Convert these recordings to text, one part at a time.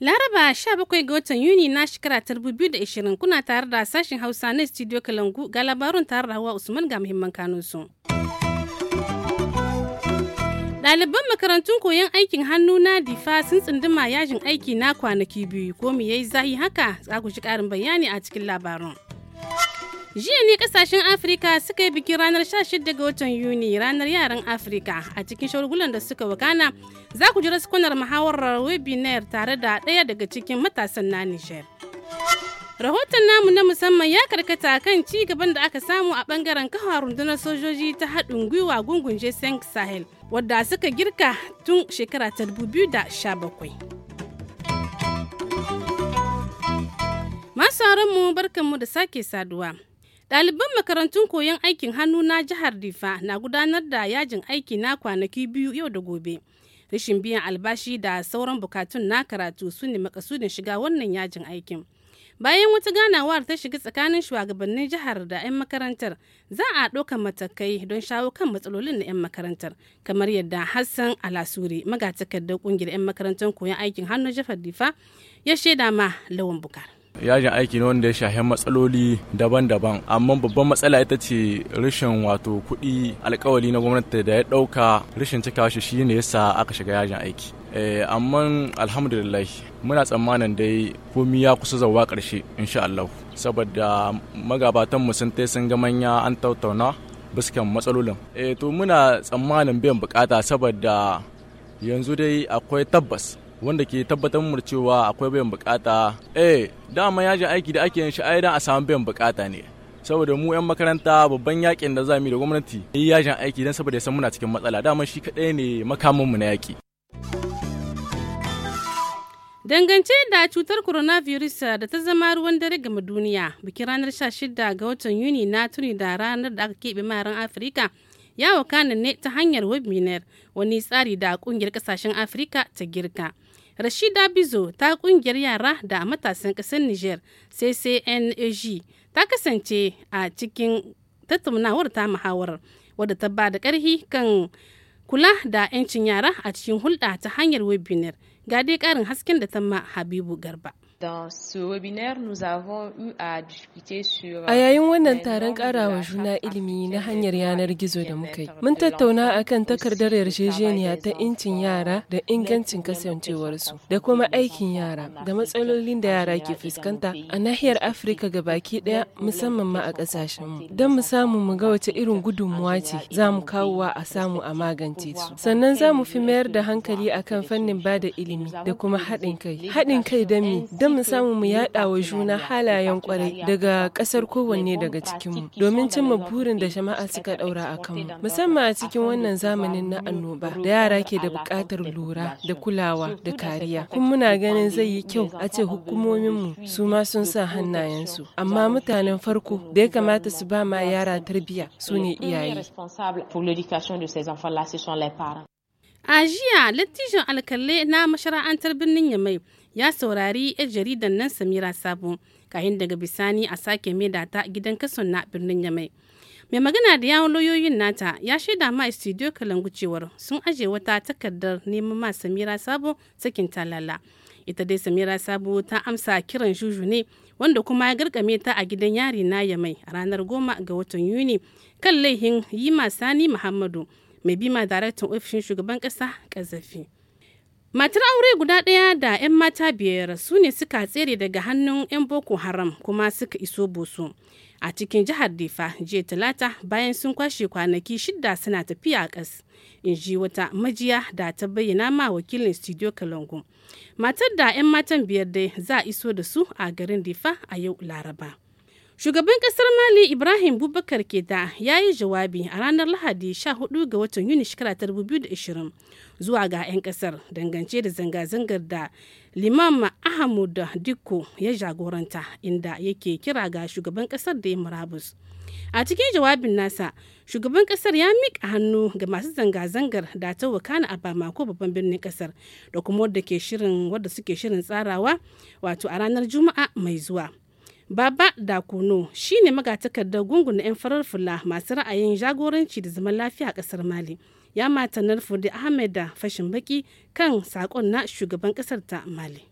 Laraba 17 ga watan Yuni na shekara ta 2020 kuna tare da sashen Hausa na studio Kalangu ga labarun tare da Hawa Usman ga muhimman kanunsu. Ɗaliban makarantun koyon aikin hannu na difa sun tsunduma yajin aiki na kwanaki biyu ko mu yayi zahi haka za ku ji ƙarin bayani a cikin labarin. Jiya ne ƙasashen Afirka suka yi bikin ranar 16 ga watan Yuni ranar yaran Afirka a cikin shagulgulan da suka wakana za ku ji raskunar muhawarar webinar tare da ɗaya daga cikin matasan na Nijar. Rahoton namu na musamman ya karkata kan ci gaban da aka samu a bangaren kafa rundunar sojoji ta haɗin gwiwa gungun Jeseng Sahel. wadda suka girka tun shekara ta 2017. Masu mu barkanmu da sake saduwa. Ɗaliban makarantun koyon aikin hannu na jihar Difa na gudanar da yajin aiki na kwanaki biyu yau da gobe. Rashin biyan albashi da sauran bukatun na karatu su ne makasudin shiga wannan yajin aikin. bayan wata ganawar ta shiga tsakanin shugabannin jihar da 'yan makarantar za a ɗaukar matakai don shawo kan matsalolin na 'yan makarantar kamar yadda hassan alasuri magatakardar ƙungiyar 'yan makarantar koyon aikin hannu jafar difa ya shaida ma lawan bukar yajin aiki ne wanda ya shahi matsaloli daban-daban amma babban matsala ita ce rashin wato kuɗi alkawali na gwamnati da ya ɗauka rashin cikawa shi ne yasa aka shiga yajin aiki Eh, amma alhamdulillah muna tsammanin dai komi ya kusa zauwa ƙarshe insha Allah saboda magabatan mu sun tai sun ga manya an tautauna biskan matsalolin eh to muna tsammanin biyan bukata saboda yanzu dai akwai tabbas wanda ke tabbatar mu cewa akwai biyan bukata eh dama yajin aiki da ake yin shi ai a samu biyan bukata ne saboda mu 'yan makaranta babban yakin da za mu da gwamnati yajin aiki dan saboda ya san muna cikin matsala dama shi kaɗai ne makamin mu na yaki Dangance da cutar coronavirus da ta zama ruwan dare game duniya, bikin ranar 16 ga watan Yuni na tuni da ranar da aka keɓe maran Afirka ya wakana ne ta hanyar webinar wani tsari da ƙungiyar ƙasashen Afirka ta girka. Rashida Bizo ta ƙungiyar yara da matasan ƙasar Niger CCNAG ta kasance a cikin tattaunawar ta muhawarar wadda ta ba da ƙarfi kan kula da 'yancin yara a cikin hulɗa ta hanyar webinar. ga dai karin hasken da tamma habibu garba A yayin wannan taron karawa juna ilimi na hanyar yanar gizo da muka yi, mun tattauna akan takardar yarjejeniya ta incin yara da ingancin kasancewarsu da kuma aikin yara da matsalolin da yara ke fuskanta a nahiyar Afirka ga baki daya musamman ma a ƙasashenmu, Don mu samu mu ga wace irin gudunmuwa ce za mu kawowa a samu a magance su. Sannan za mu fi mayar da hankali akan fannin bada ilimi da kuma haɗin kai. Haɗin kai da mi mu samu mu yaɗa wa juna halayen kwarai daga kasar kowanne daga cikinmu domin cimma burin da jama'a suka ɗaura a kanmu. Musamman a cikin wannan zamanin na annoba da yara ke da buƙatar lura da kulawa da kariya. Kuma muna ganin zai yi kyau a ce hukumominmu su ma sun sa hannayensu. Amma mutanen farko da ya kamata su ba ma yara tarbiyya su ne iyaye. A jiya, lattijon alkalai na mashara'antar birnin Yamai ya saurari 'yan jaridan nan samira sabo kayan daga bisani a sake maida ta gidan kason na birnin yamai mai magana da yawon lauyoyin nata ya shaida ma studio kalangu cewar sun aje wata takardar neman ma samira sabo sakin talala ita dai samira sabo ta amsa kiran juju ne wanda kuma ya garkame ta a gidan yari na yamai a ranar goma ga watan yuni kan laihin yi ma Sani muhammadu mai ma daraktan ofishin shugaban kasa kazafi Matar aure guda ɗaya da 'yan mata biyar su ne suka tsere daga hannun 'yan Boko Haram kuma suka iso Boso a cikin jihar Difa jiya talata bayan sun kwashe kwanaki shida suna tafiya a ƙas. In ji wata majiya da ta bayyana ma wakilin Studio Kalangu. Matar da 'yan matan biyar dai za a iso da su a garin Difa a yau Laraba. Shugaban kasar Mali Ibrahim Bubakar Keta ya yi jawabi a ranar Lahadi 14 ga watan Yuni shekara 2020 zuwa ga 'yan kasar dangance da zanga-zangar da limam ahmad dikko ya jagoranta inda yake kira ga shugaban kasar da ya murabus a cikin jawabin nasa shugaban kasar ya miƙa hannu ga masu zanga-zangar da ta wakana a bamako babban birnin kasar da kuma wadda ke shirin wadda suke shirin tsarawa wato a ranar juma'a mai zuwa Baba da Dakuno shine magatakardar gungun 'yan farar fula masu ra'ayin jagoranci da zaman lafiya a ƙasar Mali. ya matanar Fudi Ahmed da fashin baki kan sakon na shugaban kasar ta Mali.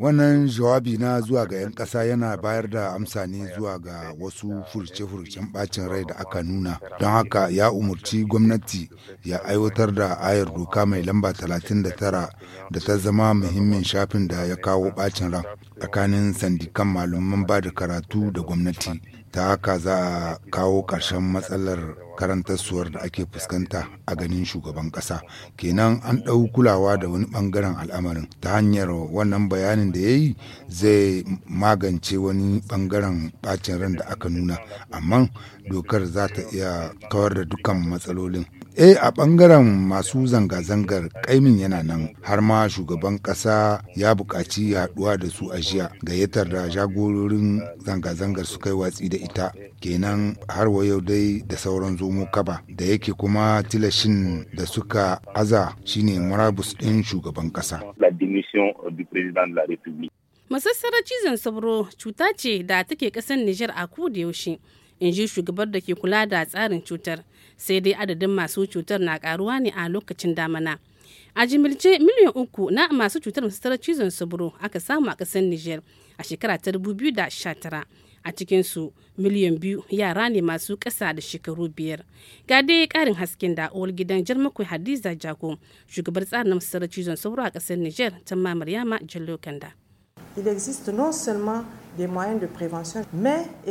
Wannan jawabi na zuwa ga 'yan ƙasa yana bayar da amsa ne zuwa ga wasu furce-furcen bacin rai da aka nuna. Don haka ya umarci gwamnati ya aiwatar da ayar doka mai lamba 39 da ta zama muhimmin shafin da ya kawo bacin ran tsakanin sandikan malaman ba da karatu da gwamnati. ta haka za a kawo ƙarshen matsalar karantarsuwar da ake fuskanta a ganin shugaban ƙasa kenan an ɗau kulawa da wani ɓangaren al'amarin ta hanyar wannan bayanin da ya yi zai magance wani ɓangaren ɓacin ran da aka nuna amma dokar za ta iya kawar da dukkan matsalolin eh a bangaren masu zanga-zangar kaimin yana nan har ma shugaban kasa ya buƙaci haɗuwa da su a jiya gayyatar da jagororin zanga-zangar su kai watsi da ita kenan har yau dai da sauran zomo kaba da yake kuma tilashin da suka aza shine murabus ɗin shugaban kasa masassarar cizon sabro cuta ce da take ƙasar nijar a yaushe in ji shugabar da ke kula da tsarin cutar sai dai adadin masu cutar na karuwa ne a lokacin damana a jimilce miliyan uku na masu cutar masarar cizon saburo aka samu a ƙasar niger a shekara ta 2019 a cikinsu miliyan biyu yara ne masu ƙasa da shekaru biyar ga dai ƙarin hasken da uwar gidan jarmakwai hadiza jago shugabar tsarin na masarar cizon saburo a ƙasar niger ta yama jallo kanda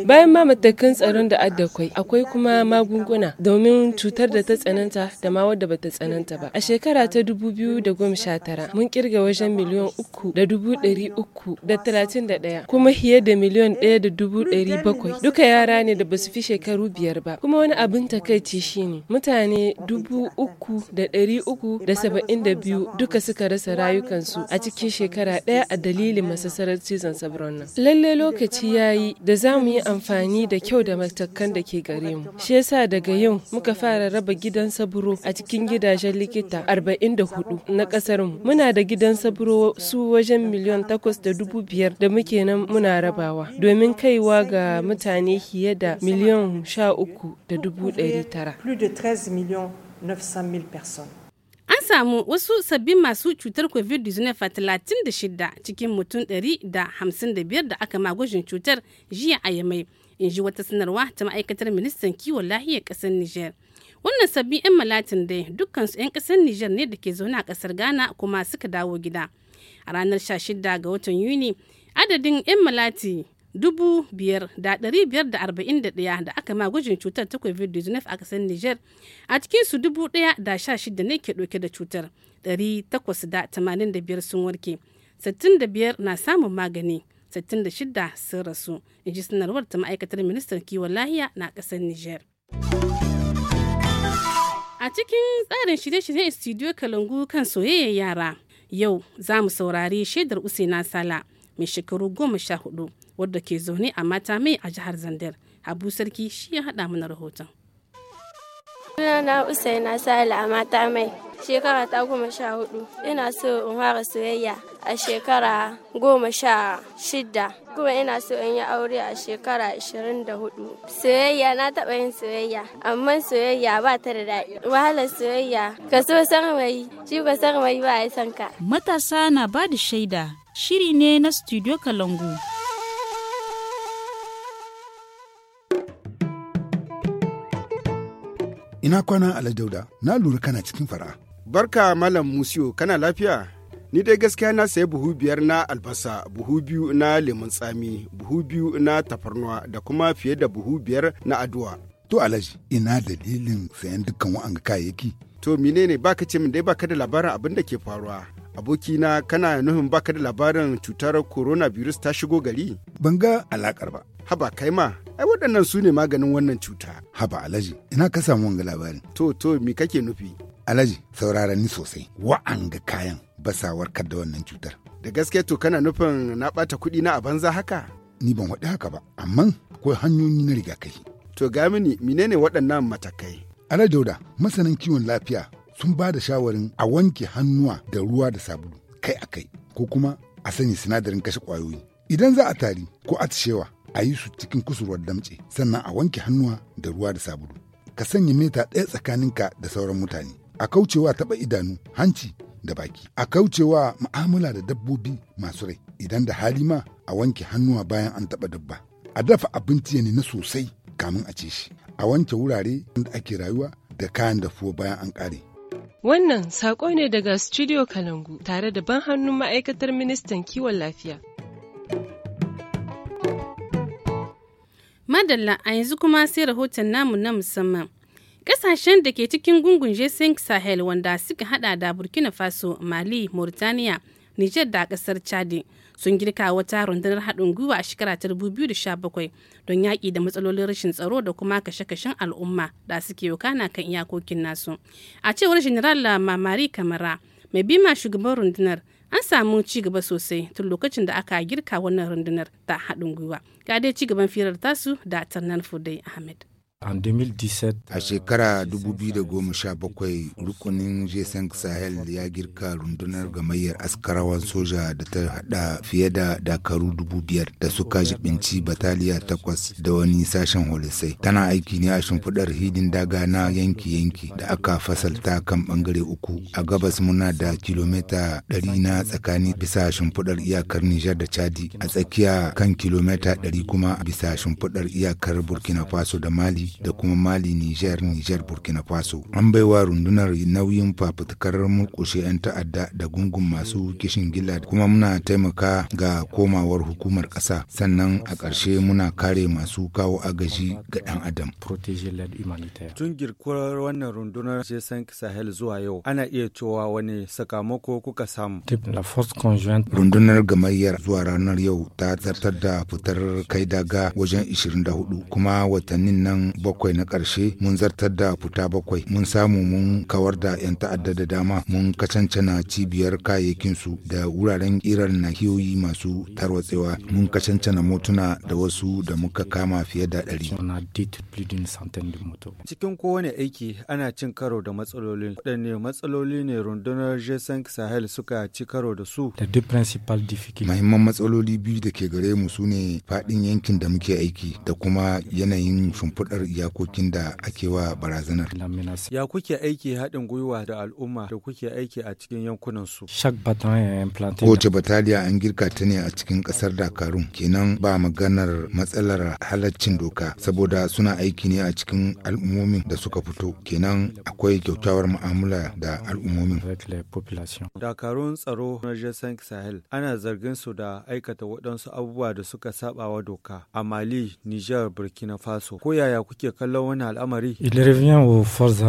Bayan ma matakan tsaron da addakwai akwai kuma magunguna domin cutar da ta tsananta da ma wadda bata tsananta ba. A shekara ta 2019 mun kirga wajen miliyan uku da dubu ɗari uku da talatin da ɗaya kuma fiye da miliyan ɗaya da dubu ɗari bakwai duka yara ne da basu fi shekaru biyar ba. Kuma wani abin takaici shine mutane dubu uku da ɗari uku da saba'in da biyu duka suka rasa rayukansu a cikin shekara ɗaya a dalilin masasarar cizon sabron nan. Lallai lalle lokaci ya yi da za mu yi amfani da kyau da matakan da ke gare mu. Shi yasa daga yau muka fara raba gidan saburo a cikin gidajen likita 44 na kasar mu. Muna da gidan saburo su wajen miliyan takwas da dubu biyar da muke nan muna rabawa domin kaiwa ga mutane fiye da miliyan sha uku da dubu ɗari tara. samu wasu sabbin masu cutar covid-19 a 36 cikin mutum 155 da aka magwajin cutar jiya a yamai in ji wata sanarwa ta ma'aikatar ministan kiwon lahiyar kasar niger wannan sabbin 'yan malatin dai dukkansu 'yan kasar niger ne da ke zaune a kasar ghana kuma suka dawo gida a ranar 16 ga watan yuni adadin 'yan malati 5,541 da aka ma gwajin cutar ta covid-19 a kasar niger a cikinsu 1,016 ne ke ɗauke da cutar 885 sun warke 65 na samun magani 66 sun rasu in ji sanarwar ta ma'aikatar ministan kiwon lahiya na kasar niger a cikin tsarin shirye-shiryen studio kalangu kan soyayyar yara yau za mu saurari shaidar usaina sala mai shekaru goma sha hudu wadda ke zaune a mata mai a jihar Zandar. Habu Sarki shi ya haɗa mana rahoton. Suna na Usaina Sale a mata mai shekara ta goma sha hudu. Ina so in fara soyayya a shekara goma sha shida. Kuma ina so in yi aure a shekara ashirin da hudu. Soyayya na taba yin soyayya, amma soyayya ba ta da daɗi. Wahalar soyayya ka so san mai, shi ba san ba ya san ka. Matasa na ba da shaida shiri ne na Studio Kalangu. Ina kwana dauda na lura kana cikin fara. Barka Malam musio kana lafiya? Ni dai gaskiya na sayi buhu biyar na albasa, buhu biyu na lemun tsami, buhu biyu na tafarnuwa da kuma fiye da buhu biyar na aduwa. To Alhaji, ina dalilin sayan dukkan wa'anga kayayyaki. To menene baka ce min dai baka da labarin abin da ke faruwa. abokina kana nufin baka da labarin cutar coronavirus ta shigo gari? Ban ga alakar ba. Haba kai ma, ai waɗannan su ne maganin wannan cuta. Haba Alhaji, ina ka samu wanga labarin. To, to, me kake nufi? Alhaji, saurara ni sosai, wa'anga kayan basawar da wannan cutar. Da gaske to kana nufin na bata kuɗi na a banza haka? Ni ban waɗi haka ba, amma akwai hanyoyi na rigakafi. To ga mini, menene waɗannan matakai? Alhaji Dauda, masanin kiwon lafiya sun ba da shawarin a wanke hannuwa da ruwa da sabulu kai a kai ko kuma a sanya sinadarin kashe kwayoyi. idan za a tari ko atishewa a yi su cikin kusurwar damce sannan a wanke hannuwa da ruwa da sabulu ka sanya mita ɗaya tsakaninka da sauran mutane a kaucewa taɓa idanu hanci da baki a kaucewa mu'amala da dabbobi masu rai idan da hali ma a wanke hannuwa bayan an taɓa dabba a dafa abinci ya na sosai kamin a ce shi a wanke wurare da ake rayuwa da kayan dafuwa bayan an ƙare Wannan saƙo ne daga Studio Kalangu tare da ban hannun ma'aikatar ministan kiwon lafiya. Madalla a yanzu kuma sai rahoton namu na musamman. Ƙasashen da ke cikin gungun Jason Sahel wanda suka hada da Burkina Faso, Mali, Mauritania, Nijar da ƙasar Chadi. sun girka wata rundunar haɗin gwiwa a shekara ta 2017 don yaƙi da matsalolin rashin tsaro da kuma kashe-kashen al'umma da suke yokana kan iyakokin nasu a cewar general mamari kamara mai bima shugaban rundunar an samu ci gaba sosai tun lokacin da aka girka wannan rundunar ta haɗin gwiwa ga dai ci gaban firar tasu da tarnan fudai ahmed A shekara 2017 euh, rukunin G5 Sahel ya girka rundunar gamayyar askarawan soja da ta hada fiye da dakaru 5,000 da suka jibinci bataliya takwas da wani sashen holisai. Tana aiki ne a shimfidar hidin daga na yanki-yanki da aka fasalta kan bangare uku. A gabas muna da kilomita 100 na tsakani bisa shimfidar iyakar Nijar da Chadi, a tsakiya kan kilomita 100 kuma bisa shimfidar iyakar Burkina Faso da Mali. da kuma Mali, Niger, Niger, Burkina Faso. An baiwa rundunar nauyin fafutukar murƙushe 'yan ta'adda da gungun masu kishin gila kuma muna taimaka ga komawar hukumar kasa. Sannan a ƙarshe muna kare masu kawo agaji ga ɗan adam. Tun girkuwar wannan rundunar Jason Sahel zuwa yau ana iya cewa wani sakamako kuka samu. Rundunar gamayyar zuwa ranar yau ta zartar da fitar kai daga wajen 24 kuma watannin nan bakwai na ƙarshe mun zartar da fita bakwai mun samu mun kawar da 'yan ta'adda da dama mun kacancana cibiyar kayayyakin su da wuraren kirar nahiyoyi masu tarwatsewa mun kacancana motuna da wasu da muka kama fiye da ɗari. Cikin kowane aiki ana cin karo da matsaloli. Waɗanne matsaloli ne rundunar Jason Sahel suka ci karo da su? Da duk principal difficulty. Mahimman matsaloli biyu da ke gare mu su ne faɗin yankin da muke aiki da kuma yanayin shimfiɗar iyakokin da ake wa barazanar. Ya kuke aiki haɗin gwiwa da al'umma da kuke aiki a cikin yankunan yankunansu? Kowace bataliya an girka ta ne a cikin ƙasar Dakarun, kenan ba maganar matsalar halaccin doka, saboda suna aiki ne a cikin al'ummomin da suka fito, kenan akwai kyautawar mu'amala da al'ummomin. Dakarun tsaro na Jason Sahel ana zargin su da aikata waɗansu abubuwa da suka saɓawa doka a Mali, Nijar, Burkina Faso. Ko yaya kuke kallon wani al'amari?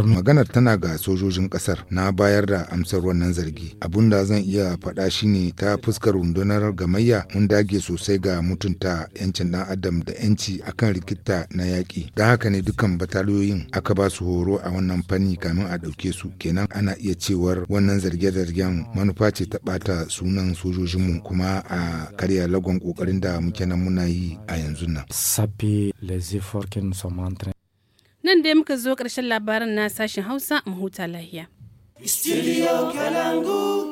Maganar tana ga sojojin kasar. na bayar da amsar wannan zargi. Abun da zan iya faɗa shine ta fuskar rundunar gamayya mun dage sosai ga mutunta 'yancin ɗan adam da 'yanci akan rikita na yaƙi. dan haka ne dukkan bataliyoyin aka ba su horo a wannan fanni kamin a ɗauke su. Kenan ana iya cewar wannan zarge-zargen manufa ce ta ɓata sunan sojojinmu kuma a karya lagon ƙoƙarin da muke nan muna yi a yanzu nan. Sapi les efforts nan dai muka zo ƙarshen labarin na sashen hausa mu huta lahiya. Studio Kalangu.